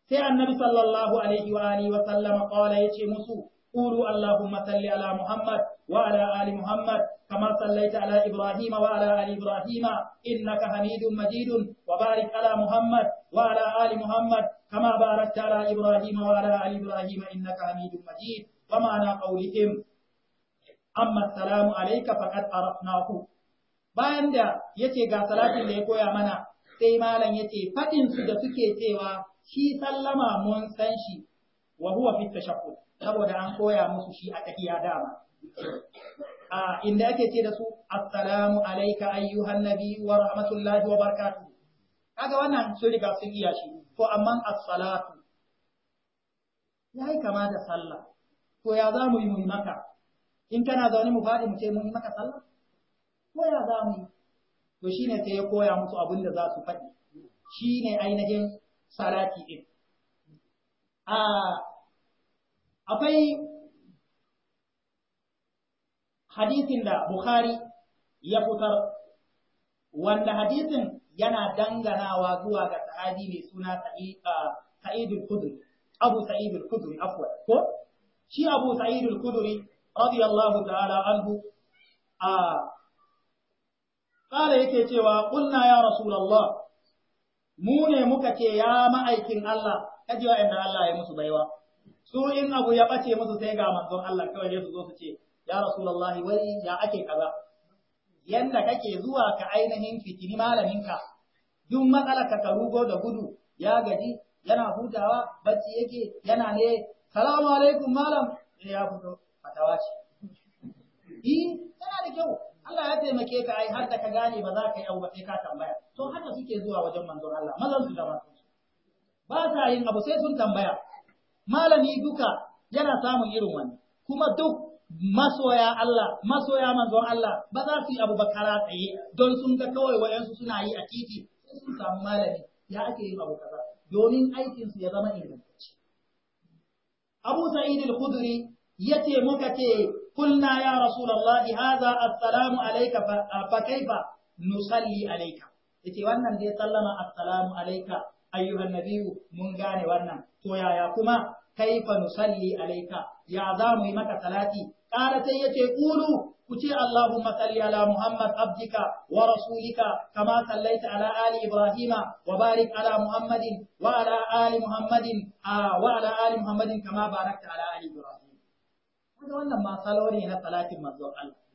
sai annabi sallallahu alaihi wa alihi wa sallama qala yace musu قولوا اللهم صل على محمد وعلى آل محمد كما صليت على إبراهيم وعلى آل إبراهيم إنك حميد مجيد وبارك على محمد وعلى آل محمد كما باركت على إبراهيم وعلى آل إبراهيم إنك حميد مجيد ومعنى قولهم أما السلام عليك فقد عرفناه bayan da yace ga salatin da ya koya mana sai malam yace fadin su da suke cewa shi sallama mun san shi wa huwa fi tashaqqud saboda an koya musu shi a tafiya dama a inda ake ce da su assalamu alayka ayyuhan nabi wa rahmatullahi wa barakatuh kaga wannan sun riga sun iya shi to amma as-salatu yayi kama da sallah to ya za mu yi mu maka in kana zaune mu faɗi mu ce mun yi maka sallah ko ya za mu yi to shine sai ya koya musu abin da za su faɗi shine ainihin salati din a akwai hadisin da Bukhari ya fitar wanda hadisin yana danganawa zuwa ga sahabi mai suna Sa'id al-Khudri Abu Sa'id al-Khudri afwan ko shi Abu Sa'id al-Khudri radiyallahu ta'ala anhu a kare yake cewa kunna ya rasulullah mu ne muka ce ya ma'aikin Allah wa wa'anda Allah ya musu baiwa su in abu ya bace musu sai ga manzon Allah kawai ya su zo su ce ya rasulullahi wai ya ake kaza yanda kake zuwa ka ainihin fitini malaminka duk matsala ka rugo da gudu ya gaji yana hutawa bacci yake yana ne salamu alaikum malam ya fito fatawa ce tana da kyau Allah ya taimake ka ai har da ka gane ba za ka yi abu sai ka tambaya to haka suke zuwa wajen manzon Allah mazan su da ba sa yin abu sai sun tambaya malami duka yana samun irin wani kuma duk masoya Allah masoya manzon Allah ba za su yi abu bakara tsaye don sun ga kawai wayansu suna yi a titi sai sun samu malami ya ake yin abu kaza domin aikin su ya zama ingantacce Abu Sa'id al-Khudri yace muka ce kulna ya Rasulullah hadha assalamu alayka fa kaifa nusalli alayka yace wannan dai sallama assalamu alayka ayyuhan nabiyyu mun gane wannan to yaya kuma kaifa nusalli alayka ya za mu yi maka salati kala sai yace qulu ku ce Allahumma salli ala Muhammad abdika wa rasulika kama sallaita ala ali Ibrahima wa barik ala Muhammadin wa ala ali Muhammadin wa ala ali Muhammadin kama barakta ala ali Ibrahim kaga wannan ma salori na salatin manzon Allah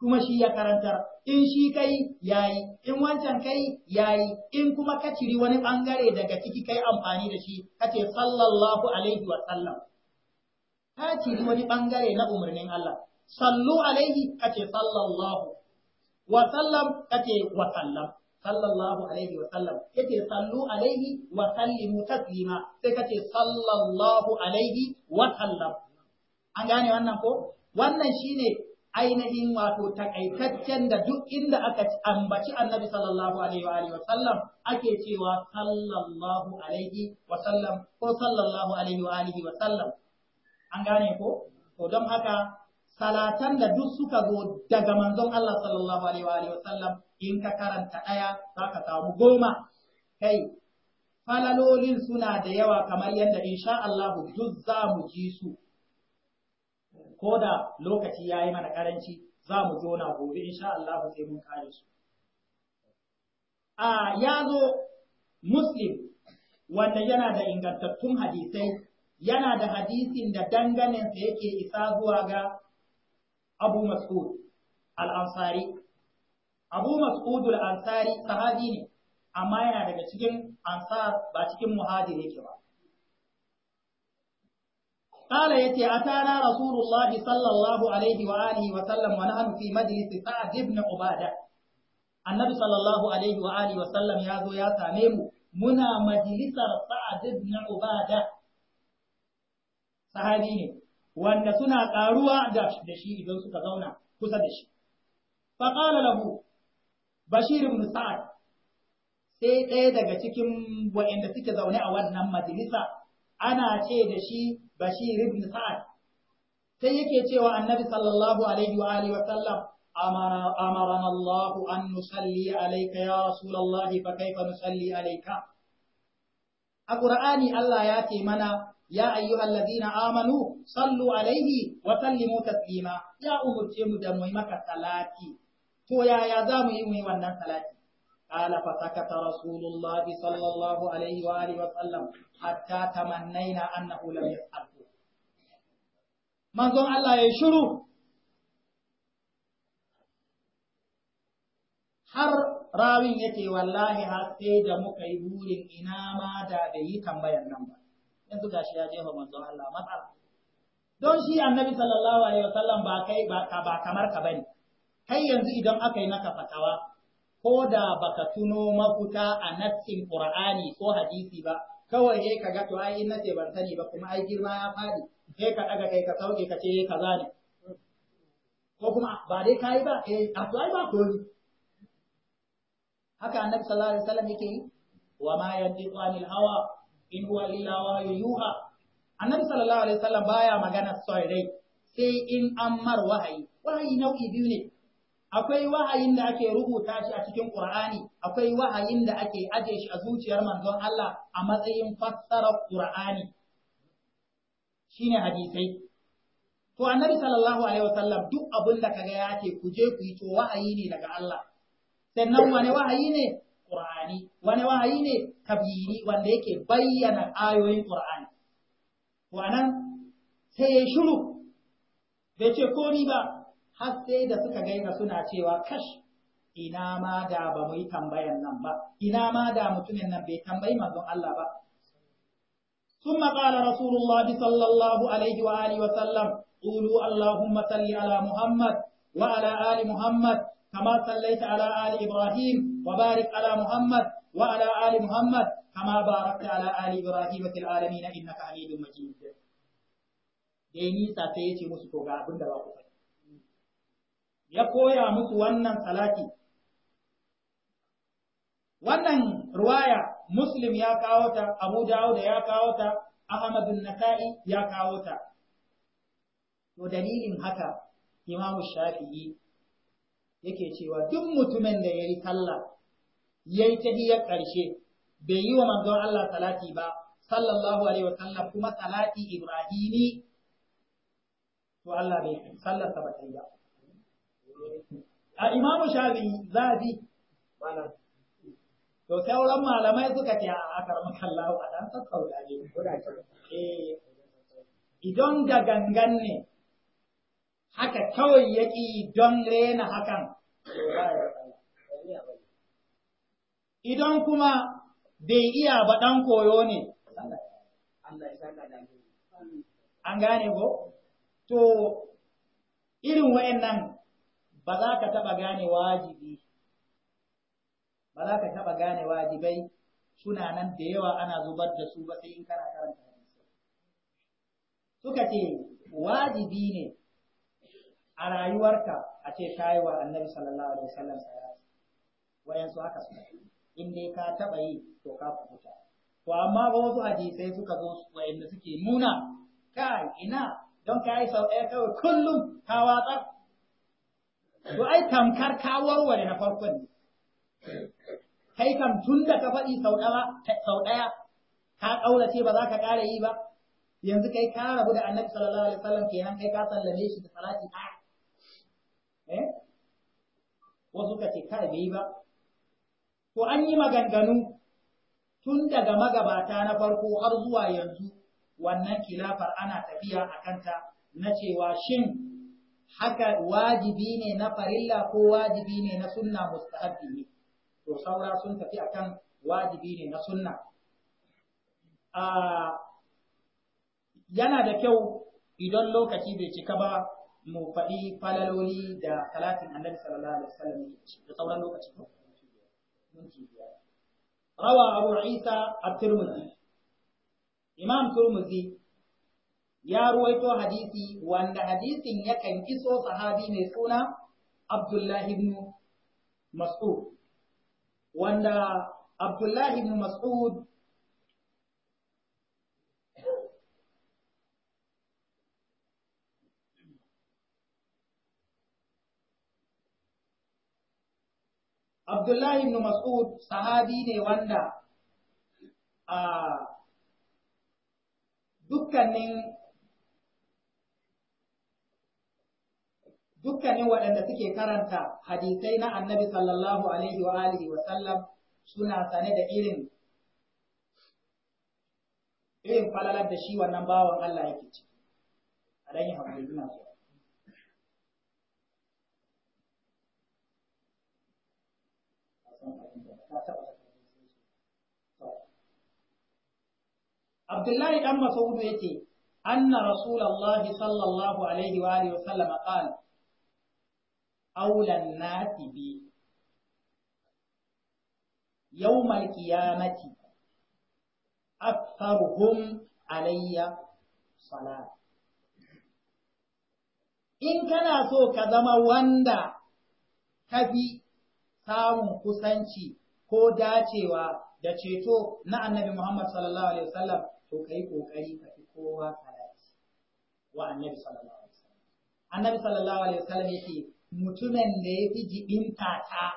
kuma shi ya karantar in shi kai yayi in wancan kai yayi in kuma ka ciri wani bangare daga ciki kai amfani da shi kace sallallahu alaihi wa sallam ka ciri wani bangare na umarnin Allah sallu alaihi kace sallallahu wa sallam kace wa sallam sallallahu alaihi wa sallam kace sallu alaihi wa sallimu taslima sai kace sallallahu alaihi wa sallam an gane wannan ko wannan shine ainihin wato takaitaccen da duk inda aka ambaci annabi sallallahu alaihi wa alihi ake cewa sallallahu alaihi Sallam ko sallallahu alaihi wa alihi an gane ko to don haka salatan da duk suka zo daga manzon Allah sallallahu alaihi wa alihi in ka karanta daya zaka samu goma kai falalolin suna da yawa kamar yadda insha Allah duk za mu ji su ko da lokaci ya yi mana karanci za mu na gobe in sha Allah sai mun kare su a ya zo muslim wanda yana da ingantattun hadisai yana da hadisin da danganinsa yake isa zuwa ga abu mas'ud al-ansari abu mas'ud al-ansari sahabi ne amma yana daga cikin ansar ba cikin muhajir yake ba قال يتي أتانا رسول الله صلى الله عليه وآله وسلم ونحن في مجلس سعد بن عبادة النبي صلى الله عليه وآله وسلم يا ذو يا ساميم منا مجلس سعد بن عبادة صحابيني وأن سنا قاروا داش دشي إذن سكزونا كسدش فقال له بشير بن سعد sai ɗaya daga cikin waɗanda suke zaune a wannan majalisa ana ce da shi بشير بن سعد سيكي تيوى النبي صلى الله عليه وآله وسلم أمرنا الله أن نصلي عليك يا رسول الله فكيف نصلي عليك أقرآني الله ياتي منا يا أيها الذين آمنوا صلوا عليه وسلموا تسليما يا أمر تيمو دمويمك سلاتي تو يا يا دامي ونن سلاتي قال فسكت رسول الله صلى الله عليه وآله وسلم حتى تمنينا أنه لم يسأل manzon Allah ya shiru har rawin yake wallahi har sai da muka yi burin ina ma da bai yi tambayar nan ba yanzu gashi ya jefa manzon Allah matsala don shi annabi sallallahu alaihi wasallam ba kai ba kamar ka bane kai yanzu idan aka yi ka fatawa ko da baka tuno mafuta a nassin qur'ani ko hadisi ba kawai ka ga to ai in ce ban sani ba kuma ai girma ya fadi sai ka daga kai ka sauke ka ce kaza ne ko kuma ba dai ka yi ba eh a tuwai ba komi haka annabi sallallahu alaihi wasallam yake yi wa ma yantiqu anil hawa in huwa illa wahyu yuha annabi sallallahu alaihi wasallam baya magana sai dai, sai in an mar wahayi wahayi nau'i biyu ne akwai wahayin da ake rubuta shi a cikin Qur'ani akwai wahayin da ake aje shi a zuciyar manzon Allah a matsayin fassarar Qur'ani ne hadisai to annabi sallallahu alaihi wasallam duk abin da kaga ya ce ku je ku yi to wa'ayi ne daga Allah sannan wane wahayi ne ƙur'ani? Wane wahayi ne kabiri wanda yake bayyana ayoyin ƙur'ani? to nan sai ya shiru bai ce ko ni ba har sai da suka gaina suna cewa kash ina ma da ba mu yi tambayan nan ba ina ma da mutumin nan bai tambayi manzon Allah ba ثم قال رسول الله صلى الله عليه وآله وسلم قولوا اللهم صل على محمد وعلى آل محمد كما صليت على آل إبراهيم وبارك على محمد وعلى آل محمد كما باركت على آل إبراهيم في العالمين إنك حميد مجيد dai sai ya ce musu to ga abin da za ku faɗi ya koya musu wannan salati wannan ruwaya muslim ya kawo ta abu dawud ya kawo ta ahmad an-nasa'i ya kawo ta to dalilin haka imam shafi'i yake cewa duk mutumin da yayi sallah yayi tahiyyar karshe bai yi wa manzon Allah salati ba sallallahu alaihi wa sallam kuma salati ibrahimi to Allah bai sallar sa ba ta yi ba a Imam shafi'i zabi malam To sauran malamai suka ce a akar makallahu a dan ɗan sassauta Eh Idan da gangan ne, haka kawai ya ƙi don rena hakan, Idan kuma bai iya ba ɗan koyo ne, an gane ko? To, irin wa'yan ba za ka taɓa gane wajibi ba za ka taɓa gane wajibai suna nan da yawa ana zubar da su ba sai in kana karanta hadisi suka ce wajibi ne a rayuwarka a ce wa annabi sallallahu alaihi wasallam salati wayansu haka suka in dai ka taɓa yi to ka kuta. to amma ba wasu hadisai suka zo wayanda suke nuna kai ina don ka yi sau ɗaya kawai kullum ka watsar to ai tamkar ka warware na farkon ne kai kan tun da ka faɗi sau ɗaya ka ce ba za ka ƙara yi ba yanzu kai ka rabu da annabi sallallahu alaihi wasallam kenan kai ka sallame shi da salati ɗaya eh wasu ka ce kai bai ba Ko an yi maganganu tun daga magabata na farko har zuwa yanzu wannan kilafar ana tafiya a kanta na cewa shin haka wajibi ne na farilla ko wajibi ne na sunna mustahabbi ne to saura sun tafi akan wajibi ne na sunna yana da kyau idan lokaci bai cika ba mu faɗi falaloli da talatin annabi sallallahu alaihi wasallam da sauran lokaci ko rawa abu isa a Turmuzi. imam turmuzi ya ruwaito hadisi wanda hadisin yakan iso sahabi mai suna Abdullahi ibn Mas'ud wanda Abdullahi ibn Mas'ud Abdullahi ibn Mas'ud sahabi ne wanda a ah, dukkanin dukkanin waɗanda suke karanta hadisai na annabi sallallahu alaihi wa alihi wa sallam suna sane da irin irin falalar da shi wannan bawan Allah yake ci a dan hakuri ina so Abdullahi dan Mas'ud yake anna Rasulullahi sallallahu alaihi wa alihi wa sallam qala aulan nasi bi yawmal qiyamati aktharuhum alayya salat in kana so ka zama wanda kafi samun kusanci ko dacewa da ceto na annabi Muhammad sallallahu alaihi wasallam to kai kokari ka fi kowa salati wa annabi sallallahu alaihi wasallam annabi sallallahu alaihi wasallam mutumin da ya fi jibinta ta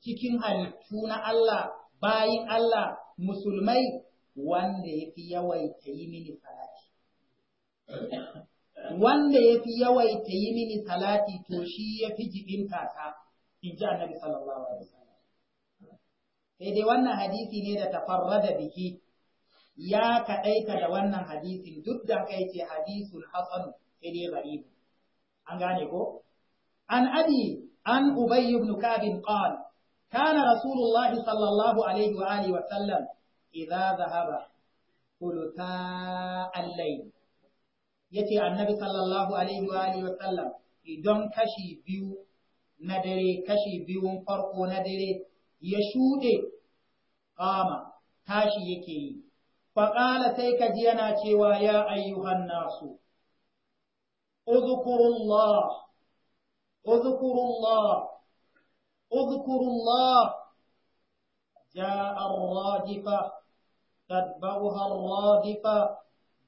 cikin halittu na Allah, bayin Allah, musulmai wanda ya fi yawaita yi mini salati. Wanda ya fi yawaita yi mini salati to shi ya fi jibinta ta, in ji annabi sallallahu alaihi Sai dai wannan hadisi ne da tafarra da biki ya kaɗaita da wannan hadisin duk da kai ce hadisun hasanu sai dai An gane ko? an abi an ubay ibn ka'b qala kana rasulullah sallallahu yace annabi sallallahu alaihi wa alihi wa sallam idan kashi biyu na dare kashi biyun farko na dare ya shuɗe kama tashi yake yi faƙala sai ka ji yana cewa ya ayyuhan nasu اذكروا الله اذكروا الله جاء الرادفة تتبعها الرادفة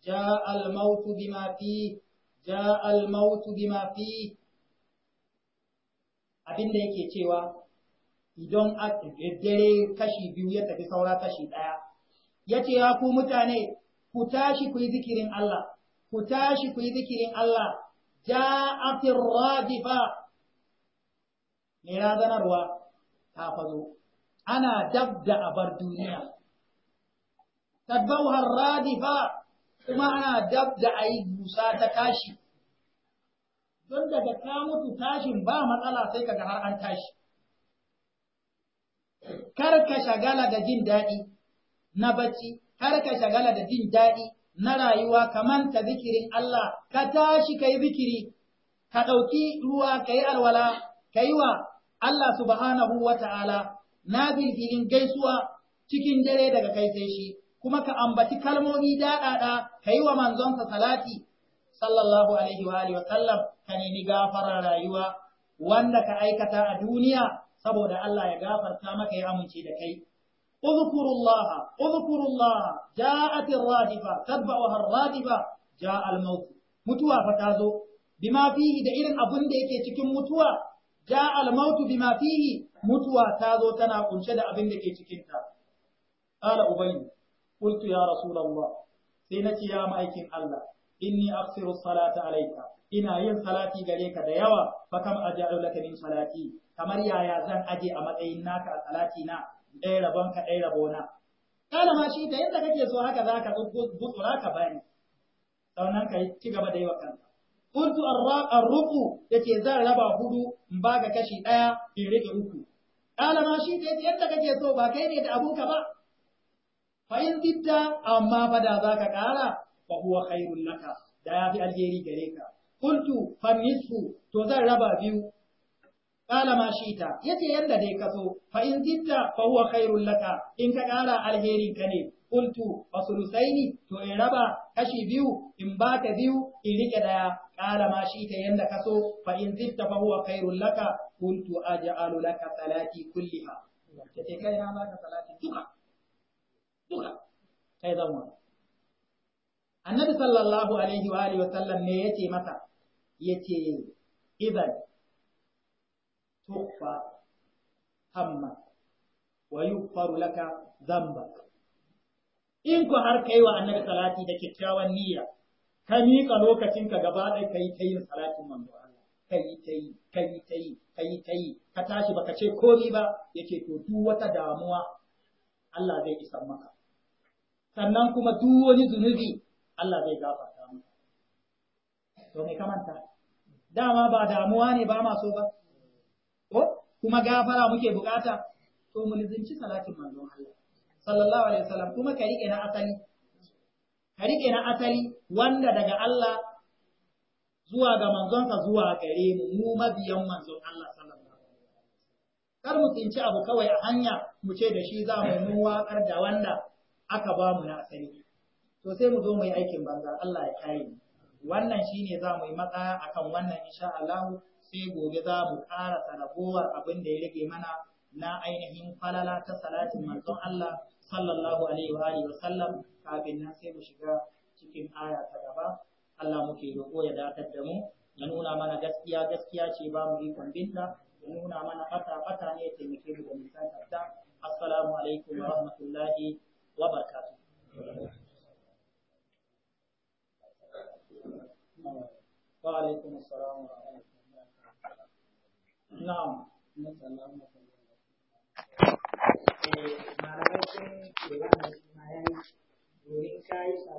جاء الموت بما فيه جاء الموت بما فيه abin da yake cewa idan dare kashi biyu ya tafi saura kashi ɗaya ya ce ya ku mutane ku tashi ku zikirin Allah ku tashi ku zikirin Allah ja'atir radifa mai razanarwa ta fazo ana dab da abar duniya tadbauhar radifa kuma ana dab da a yi ta tashi don daga ka mutu tashin ba matsala sai kaga har an tashi kar ka shagala da jin daɗi na bacci kar ka shagala da jin daɗi na rayuwa kamar ta zikirin Allah ka tashi ka yi zikiri ka ɗauki ruwa ka yi alwala ka yi wa Allah subhanahu wa ta'ala na bilbilin gaisuwa cikin dare daga kai sai shi, kuma ka ambaci kalmomi daɗaɗa ka yi wa manzonsa salati, sallallahu alaihi wa wa sallam, ka nemi gafarar rayuwa wanda ka aikata a duniya saboda Allah ya gafarta maka ya amince da kai. Uzukurullaha, uzukurullaha, ja'atin radifa, tabba'uhar radifa, ja'al mutuwa fa ta zo, bima fihi da irin abun da yake cikin mutuwa ja al-mautu bima fihi mutuwa ta zo tana kunshe da abin da ke cikin ta qala ubay qultu ya rasulullah sai nace ya ma'aikin Allah inni aksiru salata alayka ina yin salati gare ka da yawa fa kam aja'u laka min salati kamar yaya zan aje a matsayin naka a salati na ɗaya rabon ka ɗaya rabona kana ma shi da yadda kake so haka zaka gutsura ka bani sannan ka ci gaba da yi wa kanka Kuntu arruku da ke zan raba hudu in ba ga kashi ɗaya in rike uku. Ɗalama shi ta yace yadda kake so ba kai ne da abuka ba. Fa in amma fa da za ka ƙara fa huwa khairun laka da ya fi alheri gare ka. Kuntu fannisku to zan raba biyu. Ɗalama shi ta yace yadda dai ka so fa in zidda fa huwa khairun in ka ƙara alherin ka ne Kultu, fasulusai to in raba kashi biyu, in baka biyu, in rike ɗaya, ƙara ma shi ta yadda ka so, fa in zifta fa huwa khairul laka, kultu aj'alu laka salati kulliha. Ta ce kai na baka salati duka, duka, kai zan wani. Annabi sallallahu alaihi wa alihi wa sallam me yace mata? Yace idan tuhfa hamma wa yughfaru laka dhanbaka in ku har kai wa annabi salati da kyakkyawan niyya ka miƙa lokacin ka gaba ɗaya kai ta yin salatin manzo Allah kai ta yi kai ta yi kai ta yi ka tashi baka ce komai ba yake to duk wata damuwa Allah zai isa maka sannan kuma duk wani zunubi Allah zai gafarta maka to me kamanta dama ba damuwa ne ba ma so ba ko kuma gafara muke bukata to mu lizinci salatin manzo Allah sallallahu alaihi wasallam kuma ka rike na asali ka rike na asali wanda daga Allah zuwa ga manzonsa zuwa gare mu mu mabiyan manzon Allah sallallahu alaihi wasallam kar mu tsinci abu kawai a hanya mu ce da shi za mu mu waƙar da wanda aka ba mu na asali to sai mu zo mu yi aikin banza Allah ya kare mu wannan shine za mu yi matsaya akan wannan insha Allah sai gobe za mu ƙara ragowar abin da ya rage mana na ainihin falala ta salatin manzon Allah sallallahu alaihi wa alihi wa sallam kafin nan sai mu shiga cikin aya ta gaba Allah muke roƙo ya dakatar da mu ya nuna mana gaskiya gaskiya ce ba mu ikon binta ya nuna mana fata fata ne ya taimake mu da nisan tsafta assalamu alaikum wa rahmatullahi wa barakatuh wa alaikum assalam wa rahmatullahi na'am Eh, Management, Iván, Management, Running Guys,